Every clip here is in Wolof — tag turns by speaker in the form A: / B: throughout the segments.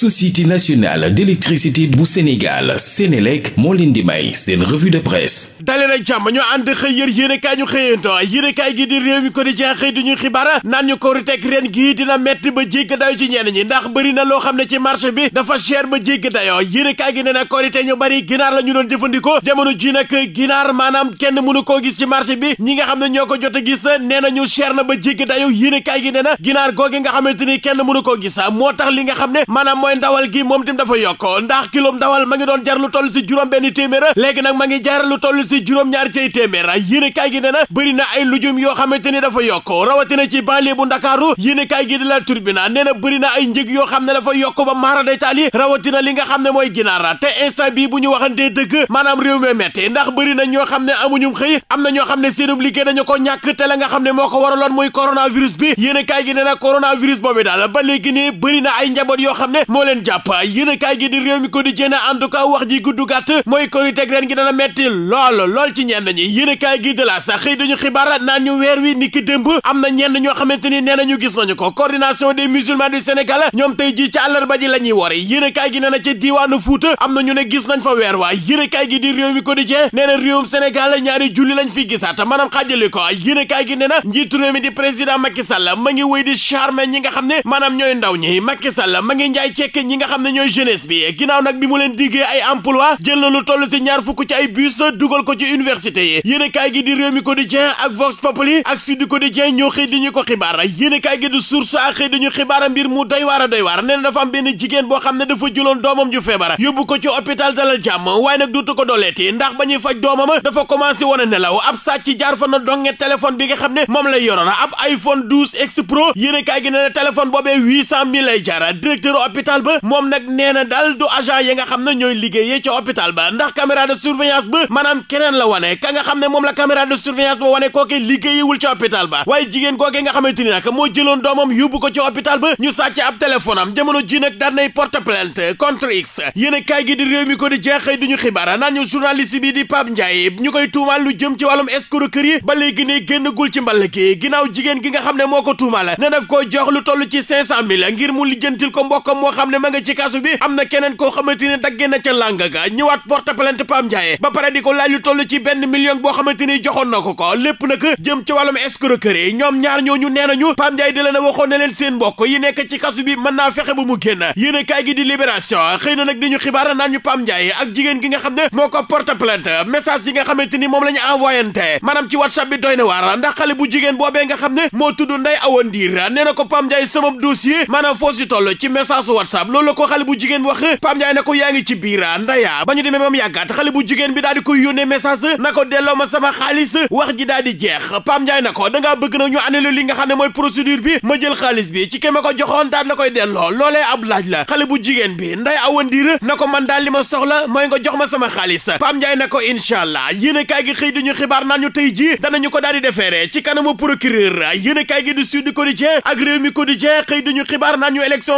A: société nationale d'électricité bu Sénégal Sénélec moo leen di may seen revue de presse daleen ak jàmm ñu ànd xëy yër yéenekaay ñu xëyanto yéenekaay gi di réew mi quotidien xëy di ñu xibaar naan ñu Koriteeg ren gii dina metti ba jégg dayo ci ñenn ñi ndax bëri na loo xam ne ci marché bi dafa cher ba jégg dayoo yéenekaay gi nee na Korite ñu bari ginaar la ñu doon jëfandikoo jamono ji nag ginaar maanaam kenn mënu koo gis ci marché bi ñi nga xam ne ñoo ko jot a gis nee nañu na ba jégg dayo yéenekaay gi nee na ginaar googi nga xamante ni kenn mënu koo gis moo tax li nga xam mooy ndawal moom tim dafa yokko ndax kilom ndawal ma ngi doon jar lu toll si juróom benn téeméer léegi nag ma ngi jar lu toll si juróom-ñaar cay téeméer yéene kaay gi ne na bëri ay lujum yoo xamante ni dafa yokko rawatina ci banlieue bu ndakaaru yéene kaay gi di la turbina nee na bëri na ay njëg yoo xam ne dafa yokk ba maara daytaal yi rawatina li nga xam ne mooy ginaara te instant bii bu ñu waxantee dëgg maanaam réew mi metti ndax bëri na ñoo xam ne amuñum xëy am na ñoo xam ne seenub liggéey dañu ko ñàkk te la xam ne moo ko waraloon muy coronavirus bi yéene kaay gi ne na coronavirus boobu daal ba léegi nii bëri njaboot yoo xam ne moo leen jàpp yéen a kaay gi di réew mi quotidien en tout cas wax ji gudd gàtt mooy koriteg ren gi dana metti lool lool ci ñenn ñi yéen gi de la sax xëy dañu xibaar naan ñu weer wi niki démb am na ñenn ñoo xamante ni nee nañu gis nañu ko coordination des musulmans du Sénégal ñoom tey ji ci àllarba ji la ñuy wore yéen a kaay gi nee na ci diiwaanu Fuuta am na ñu ne gis nañ fa weer waa yéen gi di réew mi quotidien nee na réewum Sénégal ñaari julli lañ fi gisaat maanaam xaajali ko a kaay gi nee na njiitu réew mi di président Macky ma ngi ñi nga xam ne maanaam ñooy ñi Macky Sall ma ngi lekk ñi nga xam ne ñooy jeunesse bi ginnaaw nag bi mu leen diggee ay emploi jël na lu toll ci ñaar fukk ci ay bus dugal ko ci université yi yéenekaay gi di Rewmi Quotidien ak Vox Populi ak di Quotidien ñoo xëy di ñu ko xibaar yéenekaay gi di Source ak xëy di ñu xibaar mbir mu doy waar a doy waar nee na dafa am benn jigéen boo xam ne dafa jëloon doomam ju feebar yóbbu ko ci hôpital Dalal Jàmm waaye nag duutu ko dooleeti ndax ba ñuy faj doomam dafa commencé wane nelaw ab sàcc jaar fa na donge téléphone bi nga xam ne moom lay yoroon ab iPhone 12 X Pro yéenekaay gi nee na téléphone boobee huit cent hôpital ba moom nag nee na daal du agent yi nga xam ne ñooy liggéeyee ca opital ba ndax caméra de surveillance ba maanaam keneen la wane ka nga xam ne moom la caméra de surveillance ba wane kooke liggéeyewul ca hôpital ba waaye jigéen kooke nga xamante ni nag moo jëloon doomam yóbbu ko ci hôpital ba ñu sàcc ab téléphone am jamono ji nag daan nay porte plainte contre X yéen a gi di réew mi ko di jeexee duñu xibaara naan ñu journaliste bi di Pape Ndiaye ñu koy tuumaal lu jëm ci wàllum escroquerie ba léegi ne génnagul ci mbal gi ginnaaw jigéen gi nga xam ne moo ko tuumaal ne daf koo jox lu toll ci cinq cent ngir mu lijjantil ko mbokkam moo xam ne ma nga ci kasu bi am na keneen koo xamante ne daggee na ca làng ga ñëwaat porte plainte Pam Ndiaye di ko laaj lu ci benn million boo xamante ni joxoon na ko ko lépp nag jëm ci wàllum escroquerie ñoom ñaar ñooñu nee nañu Pam Ndiaye di leen a waxoon ne leen seen mbokk yi nekk ci kasu bi mën naa fexe ba mu génn yéen kaay gi di libération xëy na nag di ñu xibaar naan ñu Pam ak jigéen gi nga xam ne moo ko porte plainte message yi nga xamante ni moom la ñu envoyante maanaam ci whatsapp bi doy na waar bu jigéen boobee nga xam ne moo tudd Ndeye Awa Ndiir nee na ko Pam Ndiaye sama dossier maanaam foo si toll ci message responsable loolu ko xale bu jigéen wax Pape Ndiaye na ko yaa ngi ci biira ndaya ba ñu demee moom yàggaat xale bu jigéen bi daal di koy yónnee message na ko delloo ma sama xaalis wax ji daal di jeex Pape Ndiaye na ko dangaa bëgg na ñu annulé li nga xam ne mooy procédure bi ma jël xaalis bi ci ke ma ko joxoon daal la koy delloo loolee ab laaj la xale jigéen bi nday awandiir na ko man daal li ma soxla mooy nga jox ma sama xaalis Pape Ndiaye na ko incha allah yéene kaay gi xëy duñu xibaar naan ñu tey ji ko daal di defeere ci kanamu procureur yéene kaay gi du Sud Quotidien ak Rewmi Quotidien xëy duñu ñu élection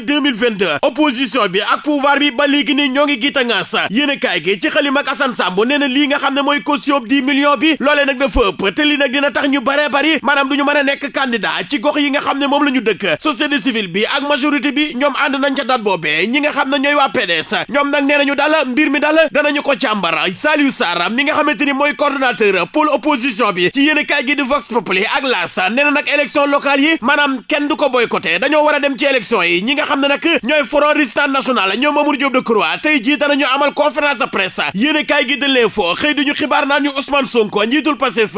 A: janvier 2022 opposition bi ak pouvoir bi ba léegi ni ñoo ngi gita ngaas yéen kaay gi ci xalima ak Assane Samb lii nga xam ne mooy caution dix millions bi loolee nag dafa ëpp te lii nag dina tax ñu baree a nekk xam ne moom la ñu dëkk société civile bi ak majorité bi ñoom ànd nañ ca dat ne ñooy waa PDS ñoom nag nee nañu daal mbir mi daal danañu ko càmbar Saliou Sarr mi nga e ni mooy coordonnateur pôle opposition bi ci yéen kaay gi di Vox Populi ak L'As nee na nag élection locale yi maanaam kenn du ko boycotté dañoo war a dem nga xam ne nag ñooy Front Résistance Nationale ñoom Mamour Diop Decroix tey jii danañu amal conférence de presse yéene kaay gi de l'info xëy duñu xibaar naan ñu Ousmane Sonko njiitul boo xam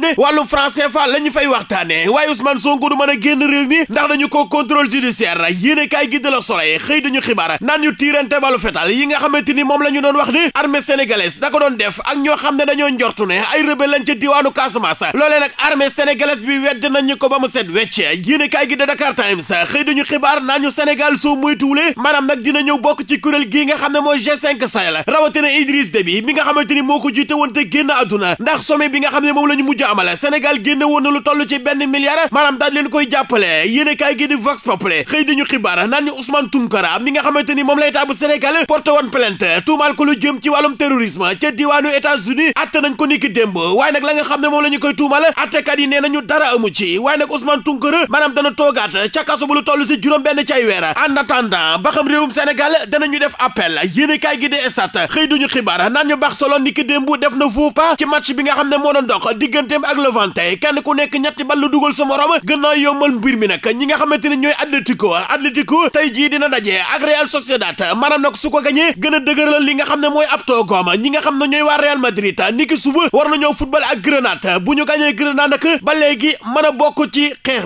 A: ne wàllu franc CFA la ñu fay waxtaane waaye Ousmane Sonko du mën a génn réew ndax dañu ko contrôle judiciaire yéene kaay gi de la Soleil xëy duñu xibaar naan ñu tiirante balu fetal yi nga xamante ni moom la ñu doon wax ne armée sénégalaise da ko doon def ak ñoo xam ne dañoo njortu ne ay rebelle lañ ca diwaanu Casamance acc yéene kaay gi de Dakar Times xëy dañu xibaar naan ñu Sénégal soo moytuwulee maanaam nag dina ñëw bokk ci kuréel gii nga xam ne ko jiite woon te génn moom la ñu mujj amale Sénégal génne woon na ci benn milliard maanaam daal leen koy jàppale yéene kaay gi di Vox Populi xëy dañu xibaar naan ñu Ousmane Tounkara mi nga xamante ni moom la état bu Sénégal porté woon plainte tuumaal ko lu jëm ci wàllum terrorisme ca diwaanu états atte nañ ko niki démb waaye nag la nga xam Tunkara maanaam dana toogaat ca kaso bu lu toll juróom benn ci ay weer en attendant ba xam réewum Sénégal danañu def appel yéene kaay gi de esat xëy duñu xibaar naan ñu Barcelone ni ki démb def na faux pas ci match bi nga xam ne moo doon dox digganteem ak Levante kenn ku nekk ñetti bal lu dugal sa morom gën naa yombal mbir mi nag ñi nga xamante ne ñooy Atlético Atlético tey jii dina daje ak Real ma na nag su ko gañee gën a dëgëral li nga xam ne mooy ab toogoom ñi nga xam ne ñooy waa Real Madrid ni ki suba war nañoo football ak Grenade bu ñu gañee ba léegi mën a bokk ci xeex